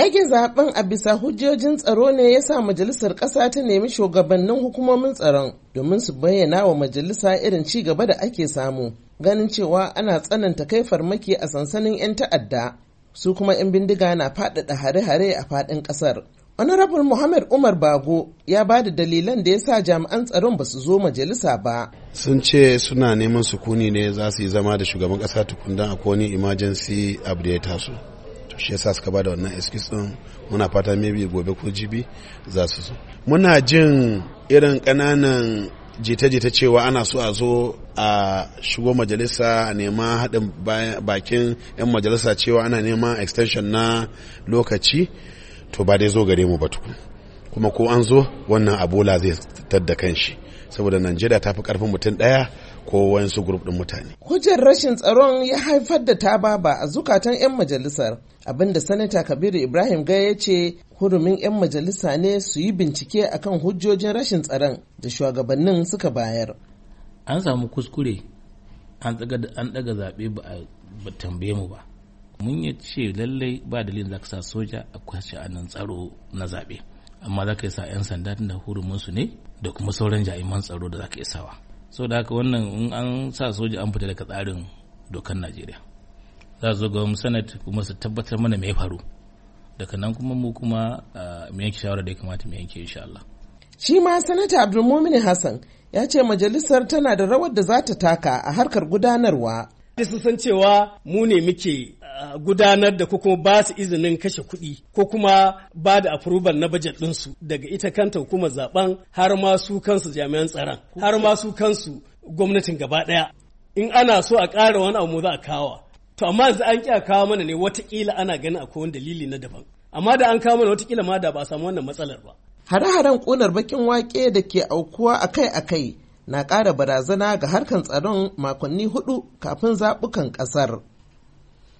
Ɗage zaben a bisa hujjojin tsaro ne ya sa majalisar ƙasa ta nemi shugabannin hukumomin tsaron domin su bayyana wa majalisa irin ci gaba da ake samu ganin cewa ana tsananta kai farmaki a sansanin 'yan ta'adda su kuma 'yan bindiga na faɗaɗa hare-hare a faɗin ƙasar. Honorable Muhammad Umar Bago ya ba da dalilan da ya sa jami'an tsaron ba su zo majalisa ba. Sun ce suna neman sukuni ne za su yi zama da shugaban ƙasa tukundan a kowane emergency abu da ya taso. shi yasa suka bada wannan excuse din muna fata maybe gobe ko jibi za su so muna jin irin ƙananan jita-jita cewa ana so a zo a shigo majalisa a nema haɗin bakin 'yan majalisa cewa ana nema extension na lokaci to ba dai zo gare mu ba tukun kuma ko an zo wannan abola zai tadda kanshi saboda najeriya ta fi karfin mutum ɗaya ko wayansu grup din mutane. Hujjar rashin tsaron ya haifar da tababa a zukatan 'yan majalisar abinda sanata Kabiru Ibrahim Gaya ya ce hurumin 'yan majalisa ne su yi bincike akan hujjojin rashin tsaron da shugabannin suka bayar. An samu kuskure an daga zaɓe ba a tambaye mu ba. Mun ya ce lallai ba dalilin za ka sa soja a kwashe anan tsaro na zaɓe. Amma za ka yi sa 'yan sanda da hurumin su ne da kuma sauran jami'an tsaro da za ka yi sawa. sau da haka wannan in an sa soja an fita daga tsarin dokan najeriya za su zo ga sanat kuma su tabbatar mana mai faru daga nan kuma mu kuma mu yanke shawara da ya kamata mu yanke insha Allah shi ma sanata abdulmumin hassan ya ce majalisar tana da rawar da za ta taka a harkar gudanarwa sun san cewa mu ne muke gudanar da ko kuma ba su izinin kashe kuɗi ko kuma ba da approval na bajet ɗinsu daga ita kanta hukumar zaben har ma su kansu jami'an tsaron har ma su kansu gwamnatin gaba ɗaya in ana so a ƙara wani abu za a kawo to amma yanzu an ƙi a kawo mana ne watakila ana ganin a wani dalili na daban amma da an kawo mana watakila ma da ba a samu wannan matsalar ba hare-haren ƙunar bakin wake da ke aukuwa akai-akai na ƙara barazana ga harkar tsaron makonni hudu kafin zaɓukan ƙasar.